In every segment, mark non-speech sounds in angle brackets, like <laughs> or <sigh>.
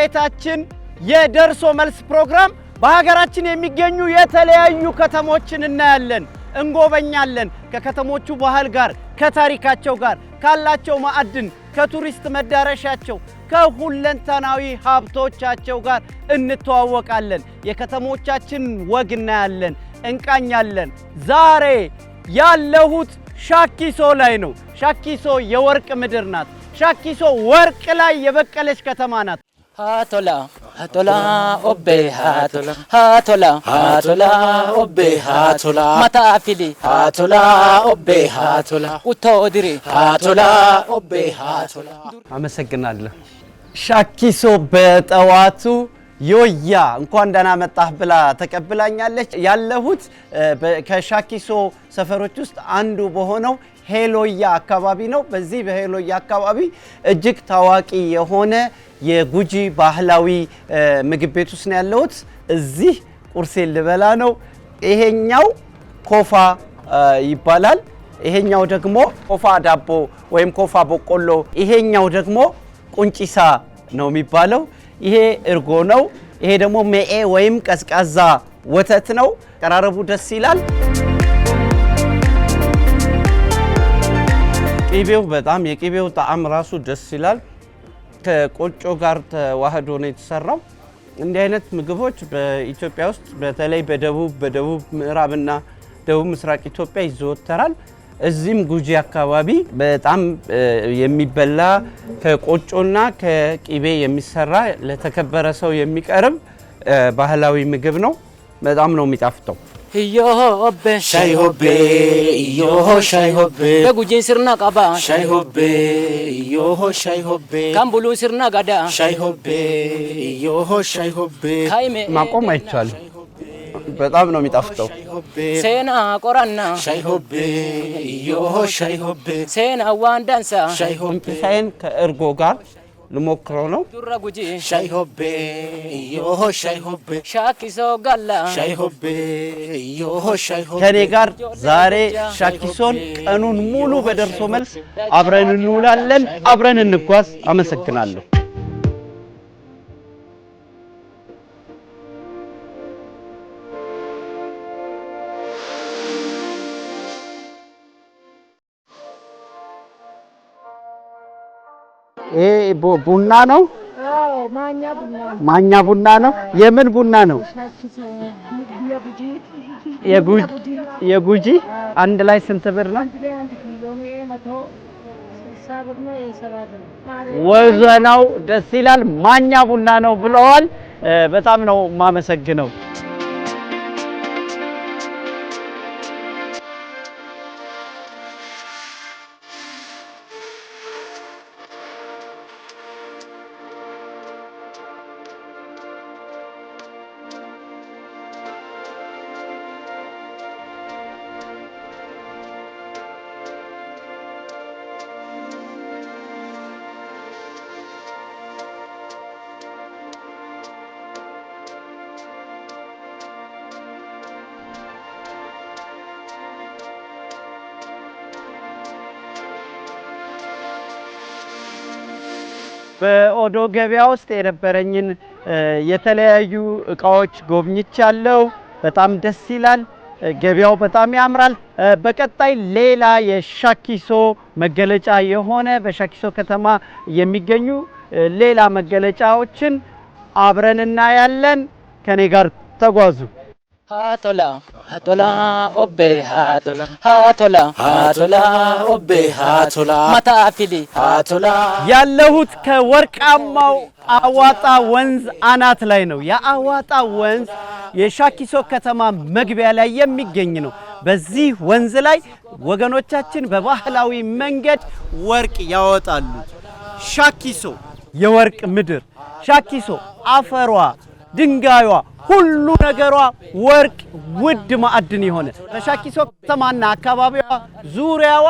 ቤታችን የደርሶ መልስ ፕሮግራም በሀገራችን የሚገኙ የተለያዩ ከተሞችን እናያለን፣ እንጎበኛለን። ከከተሞቹ ባህል ጋር፣ ከታሪካቸው ጋር፣ ካላቸው ማዕድን፣ ከቱሪስት መዳረሻቸው፣ ከሁለንተናዊ ሀብቶቻቸው ጋር እንተዋወቃለን። የከተሞቻችን ወግ እናያለን፣ እንቃኛለን። ዛሬ ያለሁት ሻኪሶ ላይ ነው። ሻኪሶ የወርቅ ምድር ናት። ሻኪሶ ወርቅ ላይ የበቀለች ከተማ ናት። ሃቶላ hatola ኦቤ hatola ሃቶላ ሃቶላ hatola ሃቶላ hatola ሃቶላ ኦቤ ሃቶላ ኡቶ ኦድሪ አመሰግናለሁ። ሻኪሶ በጠዋቱ ዮያ እንኳን ደህና መጣህ ብላ ተቀብላኛለች። ያለሁት ከሻኪሶ ሰፈሮች ውስጥ አንዱ በሆነው ሄሎያ አካባቢ ነው። በዚህ በሄሎያ አካባቢ እጅግ ታዋቂ የሆነ የጉጂ ባህላዊ ምግብ ቤት ውስጥ ነው ያለሁት። እዚህ ቁርሴን ልበላ ነው። ይሄኛው ኮፋ ይባላል። ይሄኛው ደግሞ ኮፋ ዳቦ ወይም ኮፋ በቆሎ፣ ይሄኛው ደግሞ ቁንጭሳ ነው የሚባለው። ይሄ እርጎ ነው። ይሄ ደግሞ ሜኤ ወይም ቀዝቃዛ ወተት ነው። ቀራረቡ ደስ ይላል። ቅቤው በጣም የቅቤው ጣዕም ራሱ ደስ ይላል። ከቆጮ ጋር ተዋህዶ ነው የተሰራው። እንዲህ አይነት ምግቦች በኢትዮጵያ ውስጥ በተለይ በደቡብ በደቡብ ምዕራብና ደቡብ ምስራቅ ኢትዮጵያ ይዘወተራል። እዚህም ጉጂ አካባቢ በጣም የሚበላ ከቆጮና ከቂቤ የሚሰራ ለተከበረ ሰው የሚቀርብ ባህላዊ ምግብ ነው። በጣም ነው የሚጣፍጠው። Iyyoobe Shayihobe Iyyoo Shayihobe Begujiin sirna qaba Shayihobe Iyyoo Shayihobe Kan buluun sirna gada Shayihobe Iyyoo Shayihobe Kaime ማቆም አይቻልም። በጣም ነው የሚጣፍጠው። ሴና ቆራና ሻይሆቤ እዮሆ ሻይሆቤ ሴና ዋንዳንሳ ሻይሆቤ ሳይን ከእርጎ ጋር ልሞክረው ነው። ዱራ ጉጂ ሻይ ሆቤ ዮሆ ሻይ ሆቤ ሻኪሶ ጋላ ሻይ ሆቤ ዮሆ ሻይ ሆቤ ከኔ ጋር ዛሬ ሻኪሶን ቀኑን ሙሉ በደርሶ መልስ አብረን እንውላለን፣ አብረን እንጓዝ። አመሰግናለሁ። ይሄ ቡና ነው። ማኛ ቡና ነው። የምን ቡና ነው? የጉጂ አንድ ላይ ስንት ብር ነው? ወዘናው ደስ ይላል። ማኛ ቡና ነው ብለዋል። በጣም ነው የማመሰግነው። በኦዶ ገበያ ውስጥ የነበረኝን የተለያዩ እቃዎች ጎብኝቻለሁ። በጣም ደስ ይላል። ገበያው በጣም ያምራል። በቀጣይ ሌላ የሻኪሶ መገለጫ የሆነ በሻኪሶ ከተማ የሚገኙ ሌላ መገለጫዎችን አብረን እናያለን። ከኔ ጋር ተጓዙ። ሀቶላ ሀቶላ ኦቤ ሀቶላ ሀቶላ ኦቤ ሀቶላ ማታ ሀቶላ ያለሁት ከወርቃማው አዋጣ ወንዝ አናት ላይ ነው። የአዋጣ ወንዝ የሻኪሶ ከተማ መግቢያ ላይ የሚገኝ ነው። በዚህ ወንዝ ላይ ወገኖቻችን በባህላዊ መንገድ ወርቅ ያወጣሉ። ሻኪሶ የወርቅ ምድር፣ ሻኪሶ አፈሯ ድንጋዩዋ ሁሉ ነገሯ ወርቅ ውድ ማዕድን የሆነ በሻኪሶ ከተማና አካባቢዋ ዙሪያዋ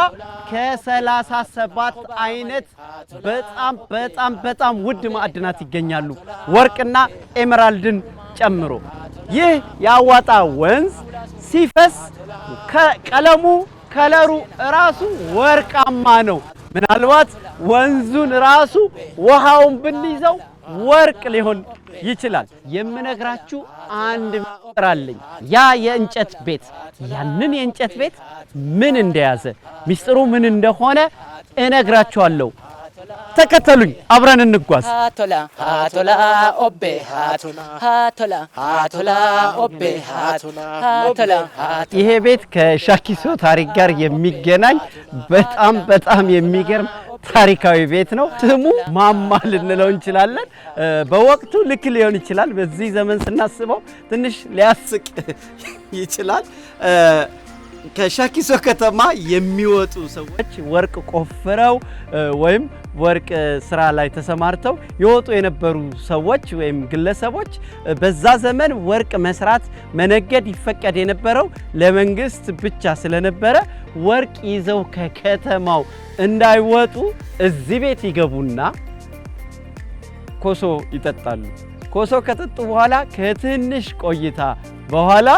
ከሰላሳ ሰባት አይነት በጣም በጣም በጣም ውድ ማዕድናት ይገኛሉ ወርቅና ኤመራልድን ጨምሮ። ይህ የአዋጣ ወንዝ ሲፈስ ቀለሙ ከለሩ ራሱ ወርቃማ ነው። ምናልባት ወንዙን ራሱ ውሃውን ብንይዘው ወርቅ ሊሆን ይችላል። የምነግራችሁ አንድ ሚስጥር አለኝ። ያ የእንጨት ቤት ያንን የእንጨት ቤት ምን እንደያዘ ሚስጥሩ ምን እንደሆነ እነግራችኋለሁ። ተከተሉኝ፣ አብረን እንጓዝ። ይሄ ቤት ከሻኪሶ ታሪክ ጋር የሚገናኝ በጣም በጣም የሚገርም ታሪካዊ ቤት ነው። ስሙ ማማ ልንለው እንችላለን። በወቅቱ ልክ ሊሆን ይችላል። በዚህ ዘመን ስናስበው ትንሽ ሊያስቅ <laughs> ይችላል። ከሻኪሶ ከተማ የሚወጡ ሰዎች ወርቅ ቆፍረው ወይም ወርቅ ስራ ላይ ተሰማርተው የወጡ የነበሩ ሰዎች ወይም ግለሰቦች በዛ ዘመን ወርቅ መስራት፣ መነገድ ይፈቀድ የነበረው ለመንግስት ብቻ ስለነበረ ወርቅ ይዘው ከከተማው እንዳይወጡ እዚህ ቤት ይገቡና ኮሶ ይጠጣሉ። ኮሶ ከጠጡ በኋላ ከትንሽ ቆይታ በኋላ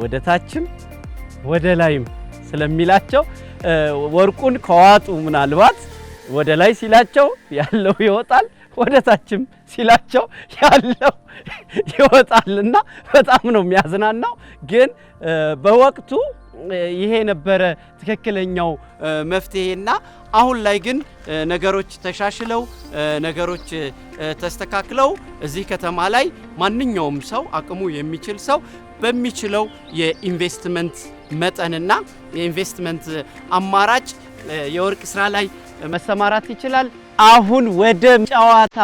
ወደ ታችም ወደ ላይም ስለሚላቸው ወርቁን ከዋጡ ምናልባት ወደ ላይ ሲላቸው ያለው ይወጣል፣ ወደ ታችም ሲላቸው ያለው ይወጣልና በጣም ነው የሚያዝናናው። ግን በወቅቱ ይሄ ነበረ ትክክለኛው መፍትሄና አሁን ላይ ግን ነገሮች ተሻሽለው ነገሮች ተስተካክለው እዚህ ከተማ ላይ ማንኛውም ሰው አቅሙ የሚችል ሰው በሚችለው የኢንቨስትመንት መጠንና የኢንቨስትመንት አማራጭ የወርቅ ስራ ላይ መሰማራት ይችላል። አሁን ወደ ጨዋታ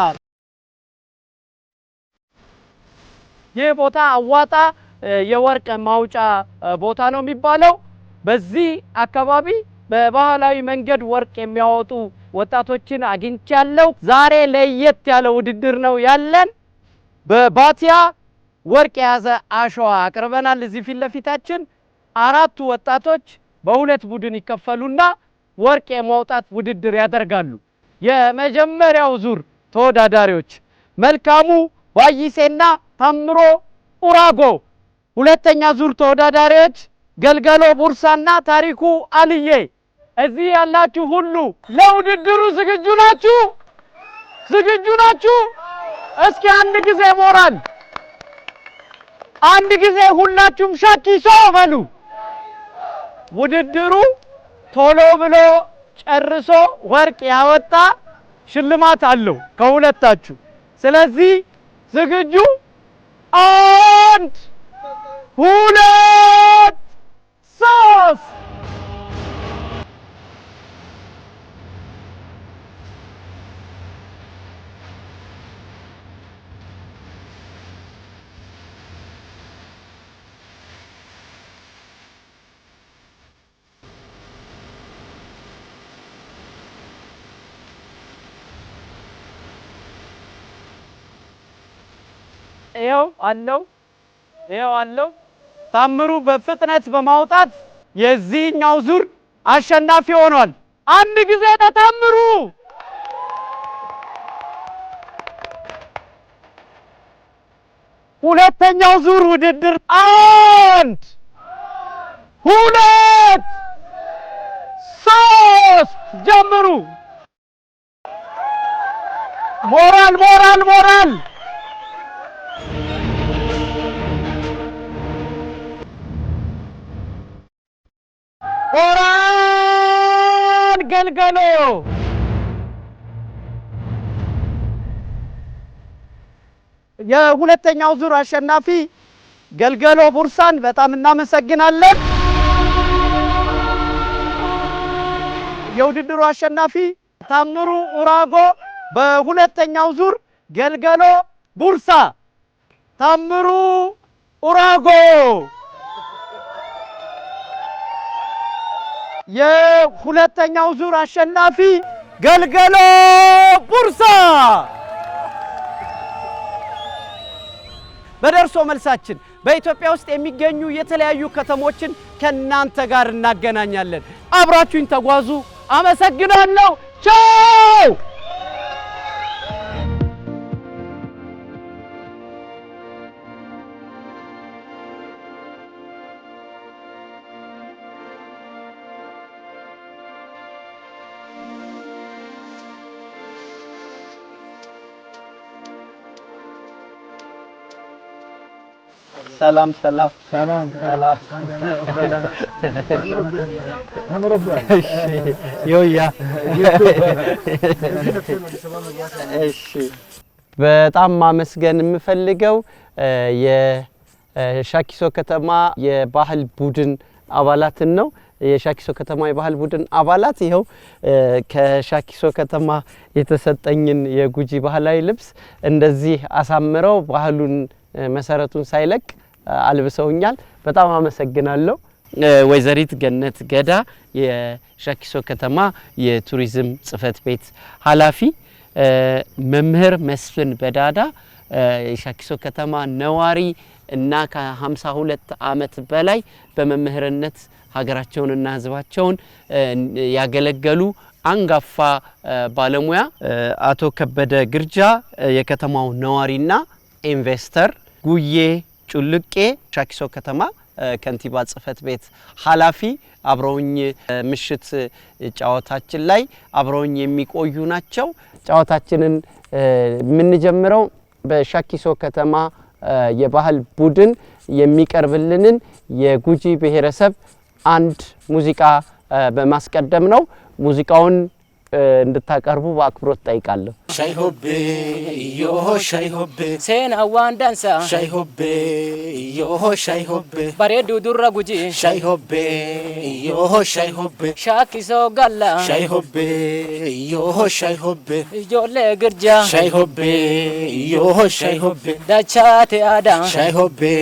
ይህ ቦታ አዋጣ የወርቅ ማውጫ ቦታ ነው የሚባለው። በዚህ አካባቢ በባህላዊ መንገድ ወርቅ የሚያወጡ ወጣቶችን አግኝቻለሁ። ዛሬ ለየት ያለ ውድድር ነው ያለን። በባቲያ ወርቅ የያዘ አሸዋ አቅርበናል። እዚህ ፊት ለፊታችን አራቱ ወጣቶች በሁለት ቡድን ይከፈሉና ወርቅ የማውጣት ውድድር ያደርጋሉ። የመጀመሪያው ዙር ተወዳዳሪዎች መልካሙ ዋይሴና ታምሮ ኡራጎ፣ ሁለተኛ ዙር ተወዳዳሪዎች ገልገሎ ቡርሳና ታሪኩ አልዬ። እዚህ ያላችሁ ሁሉ ለውድድሩ ዝግጁ ናችሁ? ዝግጁ ናችሁ? እስኪ አንድ ጊዜ ሞራል፣ አንድ ጊዜ ሁላችሁም ሻኪሶ በሉ። ውድድሩ ቶሎ ብሎ ጨርሶ ወርቅ ያወጣ ሽልማት አለው ከሁለታችሁ። ስለዚህ ዝግጁ? አንድ ሁለት ሶስት ይኸው አለው ይኸው አለው። ታምሩ በፍጥነት በማውጣት የዚህኛው ዙር አሸናፊ ሆኗል። አንድ ጊዜ ተታምሩ ሁለተኛው ዙር ውድድር አንድ ሁለት ሶስት ጀምሩ። ሞራል ሞራል ሞራል ቁርአን ገልገሎ የሁለተኛው ዙር አሸናፊ ገልገሎ ቡርሳን በጣም እናመሰግናለን። የውድድሩ አሸናፊ ታምሩ ኡራጎ በሁለተኛው ዙር ገልገሎ ቡርሳ ታምሩ ኡራጎ የሁለተኛው ዙር አሸናፊ ገልገሎ ቡርሳ በደርሶ መልሳችን በኢትዮጵያ ውስጥ የሚገኙ የተለያዩ ከተሞችን ከእናንተ ጋር እናገናኛለን። አብራችሁኝ ተጓዙ። አመሰግናለሁ። ቻው ሰላም ሰላም ሰላም ሰላም። እሺ በጣም ማመስገን የምፈልገው የሻኪሶ ከተማ የባህል ቡድን አባላትን ነው። የሻኪሶ ከተማ የባህል ቡድን አባላት ይኸው ከሻኪሶ ከተማ የተሰጠኝን የጉጂ ባህላዊ ልብስ እንደዚህ አሳምረው ባህሉን መሰረቱን ሳይለቅ አልብሰውኛል። በጣም አመሰግናለሁ። ወይዘሪት ገነት ገዳ የሻኪሶ ከተማ የቱሪዝም ጽህፈት ቤት ኃላፊ፣ መምህር መስፍን በዳዳ የሻኪሶ ከተማ ነዋሪ እና ከ52 ዓመት በላይ በመምህርነት ሀገራቸውንና ህዝባቸውን ያገለገሉ አንጋፋ ባለሙያ፣ አቶ ከበደ ግርጃ የከተማው ነዋሪና ኢንቨስተር ጉዬ ጩልቄ ሻኪሶ ከተማ ከንቲባ ጽህፈት ቤት ኃላፊ አብረውኝ ምሽት ጨዋታችን ላይ አብረውኝ የሚቆዩ ናቸው። ጨዋታችንን የምንጀምረው በሻኪሶ ከተማ የባህል ቡድን የሚቀርብልንን የጉጂ ብሔረሰብ አንድ ሙዚቃ በማስቀደም ነው። ሙዚቃውን እንድታቀርቡ በአክብሮት ጠይቃለሁ። ሻይሆቤ ዮሆ ሻይሆቤ ሴን አዋን ዳንሳ ሻይሆቤ ዮሆ ሻይሆቤ ባሬዱ ዱራ ጉጂ ሻይሆቤ ዮሆ ሻይሆቤ ሻኪሶ ጋላ ሻይሆቤ ዮሆ ሻይሆቤ ijoollee girjaa shayhobbee iyyoo shayhobbee dachaa te'aadhaa shayhobbee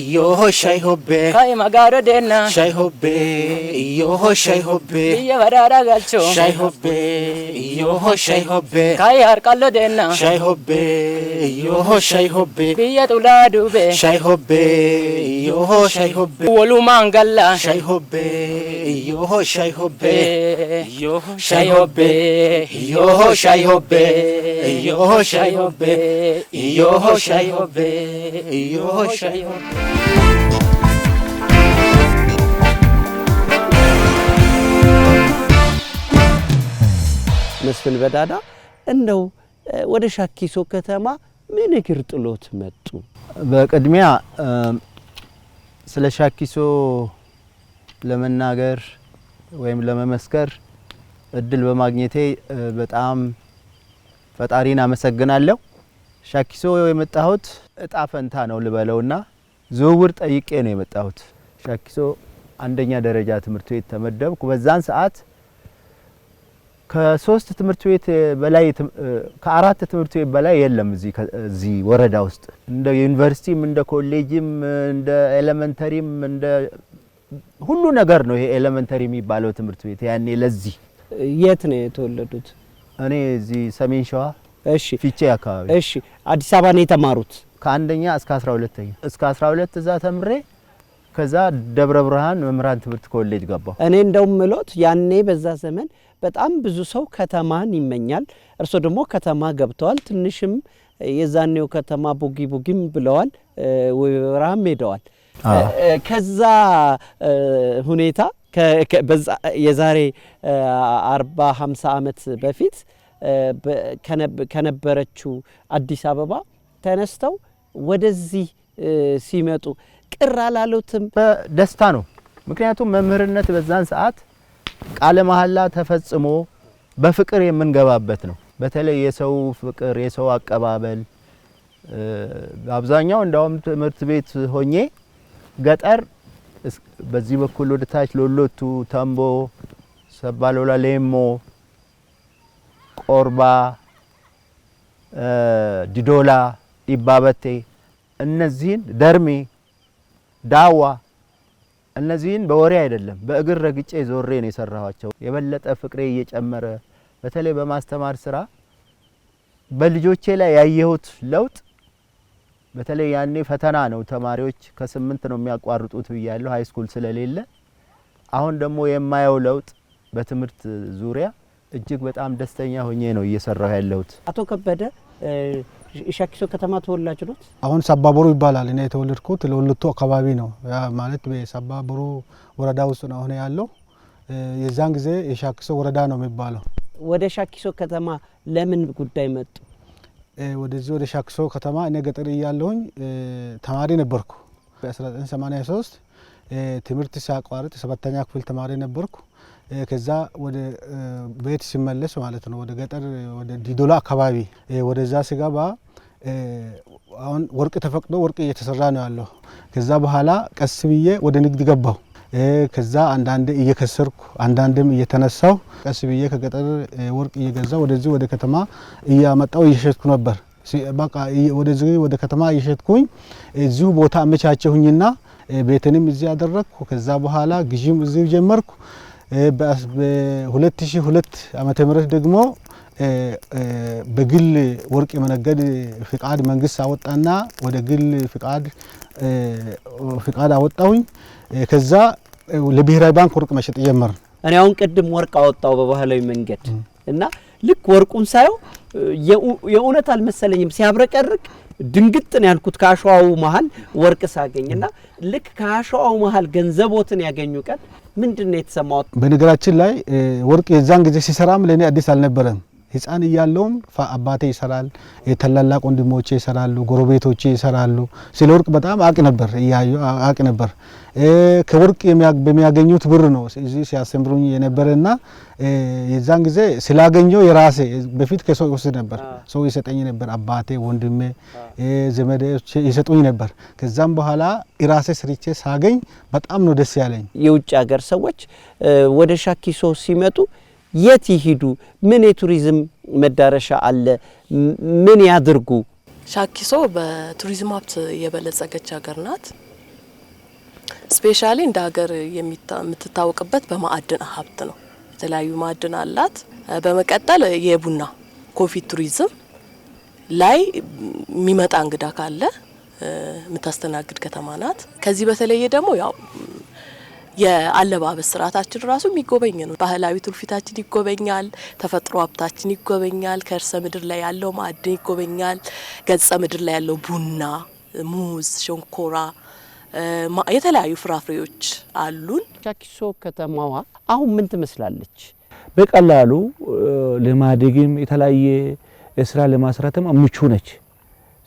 iyyoo shayhobbee ka'e magaalaa deennaa shayhobbee iyyoo shayhobbee biyya badhaadhaa galchoo shayhobbee ইয়োহ শাই হবে খাই আর কালো দেন না শাই হবে ইয়োহ শাই হবে বিয়া তুলা ডুবে শাই হবে ইয়োহ শাই হবে ওলু মাঙ্গাল্লা শাই হবে ইয়োহ শাই হবে ইয়োহ শাই হবে ইয়োহ শাই হবে ইয়োহ শাই হবে ইয়োহ শাই হবে ইয়োহ শাই হবে መስፍን በዳዳ እንደው ወደ ሻኪሶ ከተማ ምን እግር ጥሎት መጡ? በቅድሚያ ስለ ሻኪሶ ለመናገር ወይም ለመመስከር እድል በማግኘቴ በጣም ፈጣሪን አመሰግናለሁ። ሻኪሶ የመጣሁት እጣ ፈንታ ነው ልበለውና ዝውውር ጠይቄ ነው የመጣሁት። ሻኪሶ አንደኛ ደረጃ ትምህርት ቤት ተመደብኩ። በዛን ሰዓት ከሶስት ትምህርት ቤት በላይ ከአራት ትምህርት ቤት በላይ የለም እዚህ ወረዳ ውስጥ እንደ ዩኒቨርሲቲም እንደ ኮሌጅም እንደ ኤሌመንተሪም እንደ ሁሉ ነገር ነው። ይሄ ኤሌመንተሪ የሚባለው ትምህርት ቤት ያኔ ለዚህ የት ነው የተወለዱት? እኔ እዚህ ሰሜን ሸዋ እሺ፣ ፊቼ አካባቢ እሺ። አዲስ አበባ ነው የተማሩት? ከአንደኛ እስከ 12ኛ እስከ 12 እዛ ተምሬ ከዛ ደብረ ብርሃን መምህራን ትምህርት ኮሌጅ ገባሁ። እኔ እንደውም ምሎት ያኔ በዛ ዘመን በጣም ብዙ ሰው ከተማን ይመኛል። እርስዎ ደግሞ ከተማ ገብተዋል። ትንሽም የዛኔው ከተማ ቡጊ ቡጊም ብለዋል፣ ወይበራም ሄደዋል። ከዛ ሁኔታ የዛሬ አርባ ሃምሳ ዓመት በፊት ከነበረችው አዲስ አበባ ተነስተው ወደዚህ ሲመጡ ቅር አላሉትም? ደስታ ነው። ምክንያቱም መምህርነት በዛን ሰዓት ቃለ መሐላ ተፈጽሞ በፍቅር የምንገባበት ነው። በተለይ የሰው ፍቅር፣ የሰው አቀባበል አብዛኛው እንዳውም ትምህርት ቤት ሆኜ ገጠር በዚህ በኩል ወደ ታች ሎሎቱ፣ ተምቦ፣ ሰባሎላ፣ ሌሞ፣ ቆርባ፣ ዲዶላ፣ ዲባበቴ እነዚህን ደርሜ ዳዋ እነዚህን በወሬ አይደለም በእግር ረግጬ ዞሬ ነው የሰራኋቸው። የበለጠ ፍቅሬ እየጨመረ በተለይ በማስተማር ስራ በልጆቼ ላይ ያየሁት ለውጥ በተለይ ያኔ ፈተና ነው። ተማሪዎች ከስምንት ነው የሚያቋርጡት ብያለሁ፣ ሀይ ስኩል ስለሌለ። አሁን ደግሞ የማየው ለውጥ በትምህርት ዙሪያ እጅግ በጣም ደስተኛ ሆኜ ነው እየሰራሁ ያለሁት። አቶ ከበደ የሻኪሶ ከተማ ተወላጅ ነት? አሁን ሳባቦሩ ይባላል። እኔ የተወለድኩት ለወልቱ አካባቢ ነው ማለት ሳባቦሩ ወረዳ ውስጥ ነው አሁን ያለው። የዛን ጊዜ የሻኪሶ ወረዳ ነው የሚባለው። ወደ ሻኪሶ ከተማ ለምን ጉዳይ መጡ? ወደዚህ ወደ ሻኪሶ ከተማ እኔ ገጠር እያለሁኝ ተማሪ ነበርኩ። በ1983 ትምህርት ሳቋርጥ ሰባተኛ ክፍል ተማሪ ነበርኩ። ከዛ ወደ ቤት ሲመለስ ማለት ነው ወደ ገጠር ወደ ዲዶላ አካባቢ ወደዛ ስገባ አሁን ወርቅ ተፈቅዶ ወርቅ እየተሰራ ነው ያለው። ከዛ በኋላ ቀስ ብዬ ወደ ንግድ ገባሁ። ከዛ አንዳንዴ እየከሰርኩ አንዳንድም እየተነሳው ቀስ ብዬ ከገጠር ወርቅ እየገዛ ወደዚህ ወደ ከተማ እያመጣው እየሸጥኩ ነበር። በቃ ወደዚህ ወደ ከተማ እየሸጥኩኝ እዚሁ ቦታ አመቻቸሁኝና ቤትንም እዚህ አደረግኩ። ከዛ በኋላ ግዥም እዚሁ ጀመርኩ። በ2002 ዓመተ ምህረት ደግሞ በግል ወርቅ የመነገድ ፍቃድ መንግስት አወጣና ወደ ግል ፍቃድ ፍቃድ አወጣሁኝ። ከዛ ለብሔራዊ ባንክ ወርቅ መሸጥ ጀመር እኔ አሁን ቅድም ወርቅ አወጣው በባህላዊ መንገድ እና ልክ ወርቁን ሳየው የእውነት አልመሰለኝም ሲያብረቀርቅ ድንግጥ ነው ያልኩት ከአሸዋው መሀል ወርቅ ሳገኝ እና ልክ ከአሸዋው መሀል ገንዘቦትን ያገኙ ቀን ምንድን ነው የተሰማው? በነገራችን ላይ ወርቅ የዛን ጊዜ ሲሰራም ለእኔ አዲስ አልነበረም። ህፃን እያለውም አባቴ ይሰራል፣ ታላላቅ ወንድሞቼ ይሰራሉ፣ ጎረቤቶቼ ይሰራሉ። ስለ ወርቅ በጣም አቅ ነበር አቅ ነበር። ከወርቅ በሚያገኙት ብር ነው እዚህ ሲያስተምሩኝ የነበረ እና የዛን ጊዜ ስላገኘው የራሴ በፊት ከሰው ይወስድ ነበር፣ ሰው ይሰጠኝ ነበር። አባቴ፣ ወንድሜ፣ ዘመዶች ይሰጡኝ ነበር። ከዛም በኋላ የራሴ ስርቼ ሳገኝ በጣም ነው ደስ ያለኝ። የውጭ ሀገር ሰዎች ወደ ሻኪሶ ሲመጡ የት ይሂዱ? ምን የቱሪዝም መዳረሻ አለ? ምን ያድርጉ? ሻኪሶ በቱሪዝም ሀብት የበለጸገች ሀገር ናት። ስፔሻሊ እንደ ሀገር የምትታወቅበት በማዕድን ሀብት ነው። የተለያዩ ማዕድን አላት። በመቀጠል የቡና ኮፊ ቱሪዝም ላይ የሚመጣ እንግዳ ካለ የምታስተናግድ ከተማ ናት። ከዚህ በተለየ ደግሞ ያው የአለባበስ ስርዓታችን ራሱ የሚጎበኝ ነው። ባህላዊ ትውፊታችን ይጎበኛል፣ ተፈጥሮ ሀብታችን ይጎበኛል፣ ከእርሰ ምድር ላይ ያለው ማዕድን ይጎበኛል፣ ገጸ ምድር ላይ ያለው ቡና፣ ሙዝ፣ ሸንኮራ የተለያዩ ፍራፍሬዎች አሉን። ቻኪሶ ከተማዋ አሁን ምን ትመስላለች? በቀላሉ ለማደግም የተለያየ ስራ ለማስራትም ምቹ ነች።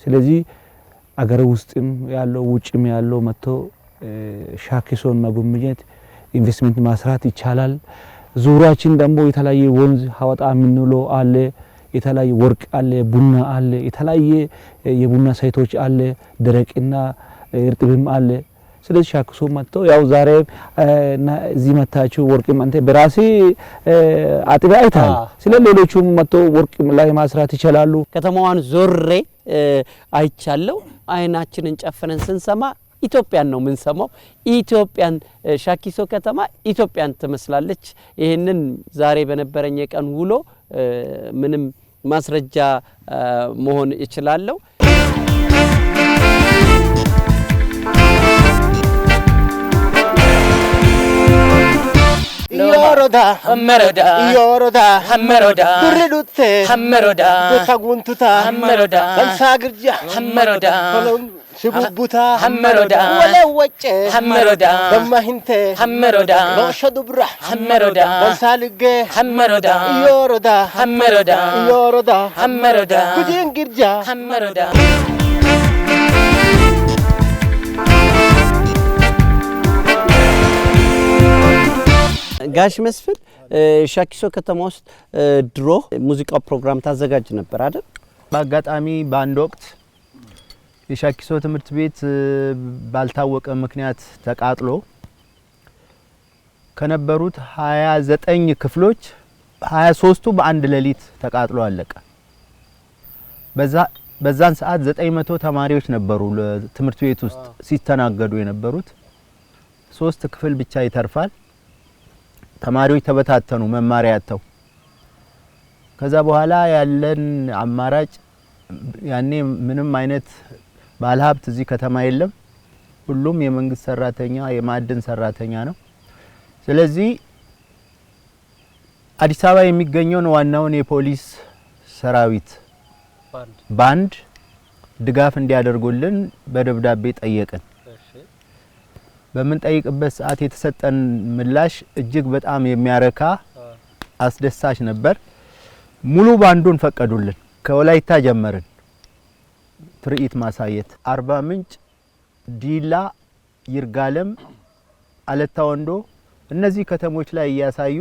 ስለዚህ አገር ውስጥም ያለው ውጭም ያለው መጥቶ ሻኪሶን መጎብኘት ኢንቨስትመንት ማስራት ይቻላል። ዙሪያችን ደግሞ የተለያየ ወንዝ ሀወጣ የምንለው አለ፣ የተለያየ ወርቅ አለ፣ ቡና አለ፣ የተለያየ የቡና ሳይቶች አለ፣ ደረቅና እርጥብም አለ። ስለዚህ ሻክሶ መጥቶ ያው ዛሬ እዚህ መታችሁ ወርቅ አንተ በራሴ አጥቢያ አይታል። ስለ ሌሎቹም መጥቶ ወርቅ ላይ ማስራት ይችላሉ። ከተማዋን ዞሬ አይቻለው አይናችንን ጨፍነን ስንሰማ ኢትዮጵያን ነው የምንሰማው። ኢትዮጵያን ሻኪሶ ከተማ ኢትዮጵያን ትመስላለች። ይህንን ዛሬ በነበረኝ የቀን ውሎ ምንም ማስረጃ መሆን እችላለሁ። ሽቡቡታ ሐመሮዳ ወለወጨ ሐመሮዳ በማሂንተ ሐመሮዳ ብራ ሐመሮዳ በሳልገ ሐመሮዳ እዮሮዳ ሐመሮዳ እዮሮዳ ሐመሮዳ ግርጃ ሐመሮዳ ጋሽ መስፍን ሻኪሶ ከተማ ውስጥ ድሮ ሙዚቃ ፕሮግራም ታዘጋጅ ነበር አይደል? በአጋጣሚ በአንድ ወቅት የሻኪሶ ትምህርት ቤት ባልታወቀ ምክንያት ተቃጥሎ ከነበሩት 29 ክፍሎች 23ቱ በአንድ ሌሊት ተቃጥሎ አለቀ። በዛ በዛን ሰዓት 900 ተማሪዎች ነበሩ ትምህርት ቤት ውስጥ ሲተናገዱ የነበሩት። ሶስት ክፍል ብቻ ይተርፋል። ተማሪዎች ተበታተኑ መማሪያ ያተው። ከዛ በኋላ ያለን አማራጭ ያኔ ምንም አይነት ባለሀብት እዚህ ከተማ የለም። ሁሉም የመንግስት ሰራተኛ፣ የማዕድን ሰራተኛ ነው። ስለዚህ አዲስ አበባ የሚገኘውን ዋናውን የፖሊስ ሰራዊት ባንድ ድጋፍ እንዲያደርጉልን በደብዳቤ ጠየቅን። በምንጠይቅበት ሰዓት የተሰጠን ምላሽ እጅግ በጣም የሚያረካ አስደሳች ነበር። ሙሉ ባንዱን ፈቀዱልን። ከወላይታ ጀመርን። ትርኢት ማሳየት አርባ ምንጭ፣ ዲላ፣ ይርጋለም፣ አለታ ወንዶ እነዚህ ከተሞች ላይ እያሳዩ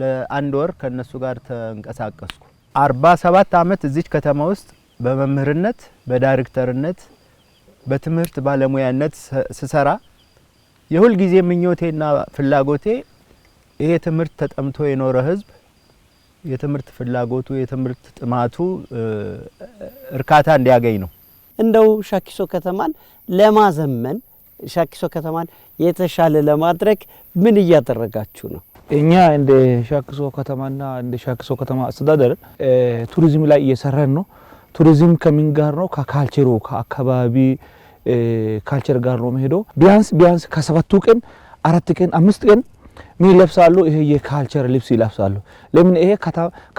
ለአንድ ወር ከነሱ ጋር ተንቀሳቀስኩ። አርባ ሰባት አመት እዚች ከተማ ውስጥ በመምህርነት፣ በዳይሬክተርነት፣ በትምህርት ባለሙያነት ስሰራ የሁልጊዜ ምኞቴና ፍላጎቴ ይሄ ትምህርት ተጠምቶ የኖረ ህዝብ የትምህርት ፍላጎቱ የትምህርት ጥማቱ እርካታ እንዲያገኝ ነው። እንደው ሻኪሶ ከተማን ለማዘመን ሻኪሶ ከተማን የተሻለ ለማድረግ ምን እያደረጋችሁ ነው? እኛ እንደ ሻኪሶ ከተማና እንደ ሻኪሶ ከተማ አስተዳደር ቱሪዝም ላይ እየሰራን ነው። ቱሪዝም ከምን ጋር ነው? ከካልቸሩ ከአካባቢ ካልቸር ጋር ነው መሄዶ ቢያንስ ቢያንስ ከሰባቱ ቀን አራት ቀን አምስት ቀን ምን ይለብሳሉ? ይሄ የካልቸር ልብስ ይለብሳሉ። ለምን ይሄ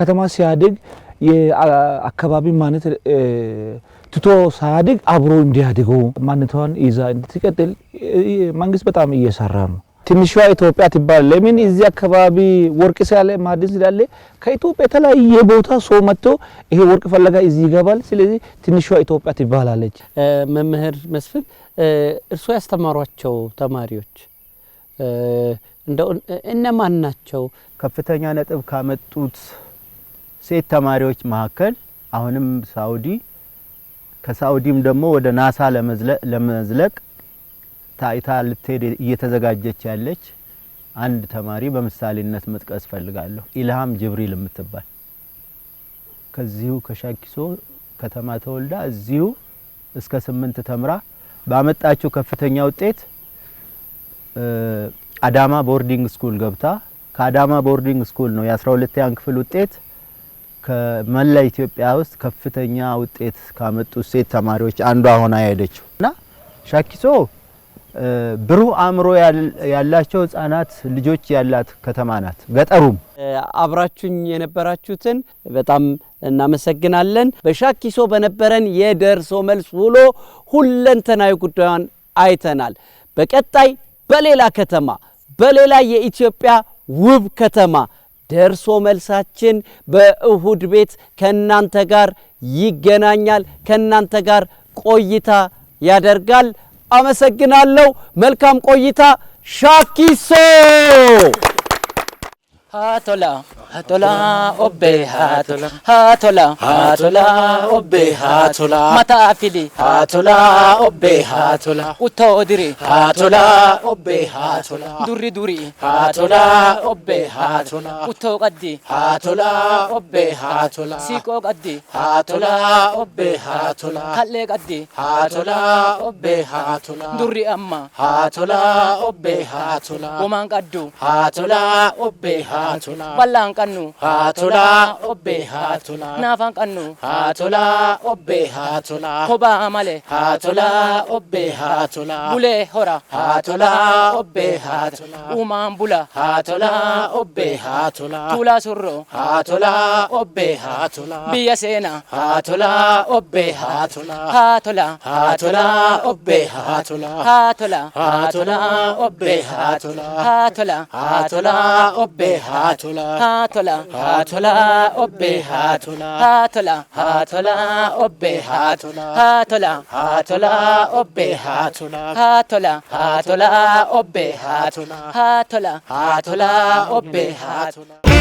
ከተማ ሲያድግ የአካባቢ ማነት ትቶ ሳያድግ አብሮ እንዲያድገው ማንነቷን ይዛ እንድትቀጥል መንግስት በጣም እየሰራ ነው። ትንሿ ኢትዮጵያ ትባል። ለምን እዚህ አካባቢ ወርቅ ስላለ ማዕድን ስላለ ከኢትዮጵያ የተለያየ ቦታ ሰው መጥቶ ይሄ ወርቅ ፈለጋ እዚህ ይገባል። ስለዚህ ትንሿ ኢትዮጵያ ትባላለች። መምህር መስፍን እርስዎ ያስተማሯቸው ተማሪዎች እንደው እነማን ናቸው? ከፍተኛ ነጥብ ካመጡት ሴት ተማሪዎች መካከል አሁንም ሳውዲ ከሳውዲም ደግሞ ወደ ናሳ ለመዝለቅ ታይታ ልትሄድ እየተዘጋጀች ያለች አንድ ተማሪ በምሳሌነት መጥቀስ ፈልጋለሁ። ኢልሃም ጅብሪል የምትባል ከዚሁ ከሻኪሶ ከተማ ተወልዳ እዚሁ እስከ ስምንት ተምራ ባመጣችው ከፍተኛ ውጤት አዳማ ቦርዲንግ ስኩል ገብታ ከአዳማ ቦርዲንግ ስኩል ነው የ12ኛ ክፍል ውጤት ከመላ ኢትዮጵያ ውስጥ ከፍተኛ ውጤት ካመጡ ሴት ተማሪዎች አንዷ ሆና የሄደችው እና ሻኪሶ ብሩህ አእምሮ ያላቸው ህጻናት ልጆች ያላት ከተማ ናት። ገጠሩም አብራችሁኝ የነበራችሁትን በጣም እናመሰግናለን። በሻኪሶ በነበረን የደርሶ መልስ ውሎ ሁለንተናዊ ጉዳዩን አይተናል። በቀጣይ በሌላ ከተማ በሌላ የኢትዮጵያ ውብ ከተማ ደርሶ መልሳችን በእሁድ ቤት ከእናንተ ጋር ይገናኛል፣ ከእናንተ ጋር ቆይታ ያደርጋል። አመሰግናለሁ። መልካም ቆይታ። ሻኪሶ Hatola, hatola, obbe, hatola, hatola, hatola, obbe, hatola, mata afidi, hatola, obbe, hatola, utto odiri, hatola, obbe, hatola, duri duri, hatola, obbe, hatola, utto gaddi, hatola, obbe, hatola, siko gaddi, hatola, obbe, hatola, kalle gaddi, hatola, obbe, hatola, duri amma, hatola, obbe, hatola, uman gaddu, hatola, obbe, hatola, haatulaa. balla qannu. Haatulaa obbe haatulaa. Naafaan qannu. hatula obbe haatulaa. koba malee. hatula obbe haatulaa. bule hora. hatula obbe haatulaa. Uumaan bula. hatula obbe haatulaa. Tuulaa surro hatula obbe haatulaa. Biyya seenaa. hatula obbe haatulaa. hatula hatula obbe haatulaa. hatula hatula obbe haatulaa. hatula hatula obbe haatulaa. haatola haatola haatola obbe haatola haatola haatola obbe haatola haatola haatola obbe haatola haatola haatola obbe haatola haatola haatola obbe haatola